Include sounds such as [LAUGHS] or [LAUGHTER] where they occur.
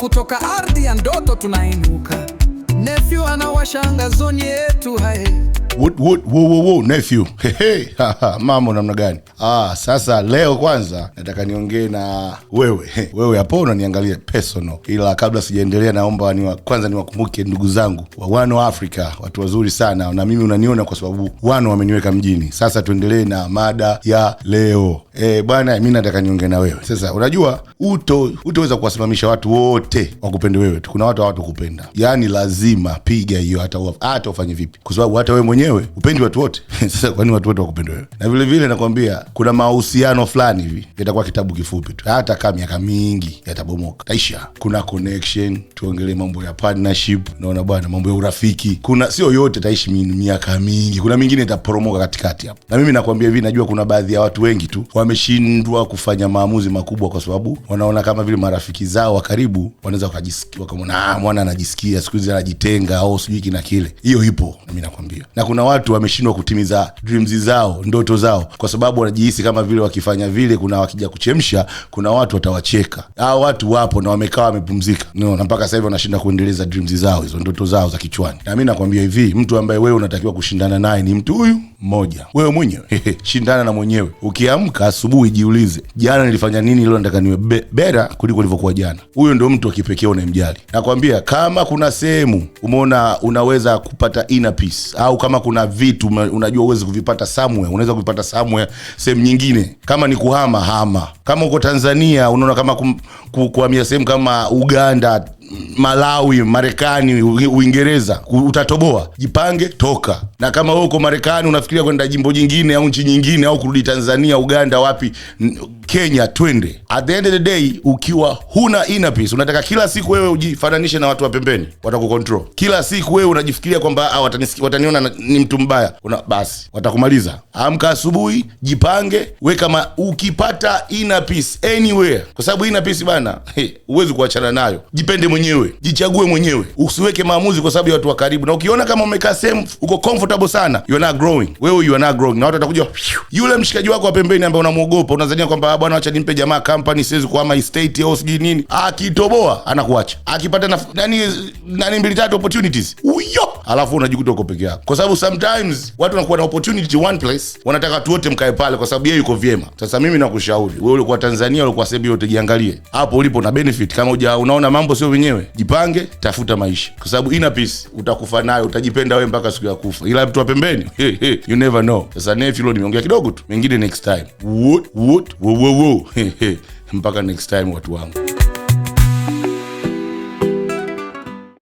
kutoka ardhi ya ndoto tunainuka. Nephew anawashanga zoni yetu hae. wo, wo, wo, nephew. [LAUGHS] Hey, Mambo namna gani? Ah, sasa leo kwanza nataka niongee na wewe [LAUGHS] wewe hapo unaniangalia personal, ila kabla sijaendelea, naomba wa, kwanza niwakumbuke ndugu zangu wa Wano Africa, watu wazuri sana, na mimi unaniona kwa sababu wano wameniweka mjini. Sasa tuendelee na mada ya leo e, bwana mi nataka niunge na wewe. Sasa unajua uto utoweza kuwasimamisha watu wote wakupende wewe tu. Kuna watu hawatakupenda, yani lazima piga hiyo, hata hata ufanye vipi, kwa sababu hata wewe mwenyewe upendi watu wote. [LAUGHS] Sasa kwani watu wote wakupende wewe? Na vile vile nakwambia kuna mahusiano fulani hivi yatakuwa kitabu kifupi tu, hata kaa miaka mingi yatabomoka, taisha. Kuna connection, tuongelee mambo ya partnership, naona bwana, mambo ya urafiki, kuna sio yote taishi miaka mingi, kuna mingine itaporomoka katikati hapo. Na mimi nakwambia hivi, najua kuna baadhi ya watu wengi tu wame wameshindwa kufanya maamuzi makubwa, kwa sababu wanaona kama vile marafiki zao wa karibu wanaweza wakamwona ah, mwana anajisikia siku hizi anajitenga au sijui kina kile. Hiyo ipo, mi nakwambia, na kuna watu wameshindwa kutimiza dreams zao, ndoto zao, kwa sababu wanajihisi kama vile wakifanya vile, kuna wakija kuchemsha, kuna watu watawacheka. Hao watu wapo na wamekaa wamepumzika, no, na mpaka sasa hivi wanashinda kuendeleza dreams zao hizo, ndoto zao za kichwani. Na mi nakwambia hivi, mtu ambaye wewe unatakiwa kushindana naye ni mtu huyu mmoja, wewe mwenyewe [LAUGHS] shindana na mwenyewe, ukiamka asubuhi jiulize, jana nilifanya nini leo nataka niwe be, bera kuliko ilivyokuwa jana. Huyo ndio mtu wa kipekee unayemjali. Nakwambia, kama kuna sehemu umeona unaweza kupata inner peace, au kama kuna vitu unajua uwezi kuvipata somewhere, unaweza kuvipata somewhere sehemu nyingine. Kama ni kuhama hama, kama uko Tanzania unaona kama kuhamia sehemu kama Uganda Malawi, Marekani, Uingereza, utatoboa. Jipange, toka. Na kama wewe uko Marekani unafikiria kwenda jimbo jingine au nchi nyingine au kurudi Tanzania, Uganda, wapi Kenya twende. At the end of the day, ukiwa huna inner peace, unataka kila siku wewe ujifananishe na watu wa pembeni, watakukontrol kila siku. Wewe unajifikiria kwamba ah, wataniona ni mtu mbaya, una basi, watakumaliza. Amka asubuhi, jipange we, kama ukipata inner peace anywhere, kwa sababu inner peace bana, huwezi kuachana nayo. Jipende mwenyewe, jichague mwenyewe, usiweke maamuzi kwa sababu ya watu wa karibu. Na ukiona kama umekaa sehemu uko comfortable sana, you are not growing, wewe you are not growing, na watu watakuja. Yule mshikaji wako wa pembeni ambaye unamwogopa, unazania kwamba bwana, acha nimpe jamaa company, siwezi kuhama estate au sijui nini. Akitoboa anakuacha akipata nani nani mbili tatu opportunities uyo alafu unajikuta uko peke yako, kwa sababu sometimes watu wanakuwa na opportunity one place, wanataka tu wote mkae pale, kwa sababu yeye yuko vyema. Sasa mimi nakushauri wewe, ulikuwa Tanzania, ulikuwa sehemu yote, jiangalie hapo ulipo na benefit. Kama uja unaona mambo sio wenyewe, jipange, tafuta maisha, kwa sababu ina peace utakufa nayo, utajipenda wewe mpaka siku ya kufa, ila mtu wa pembeni [LAUGHS] hey, hey, you never know. Sasa nefilo nimeongea kidogo tu, mengine next time. Wo wo, wo, wo. [LAUGHS] Mpaka next time watu wangu.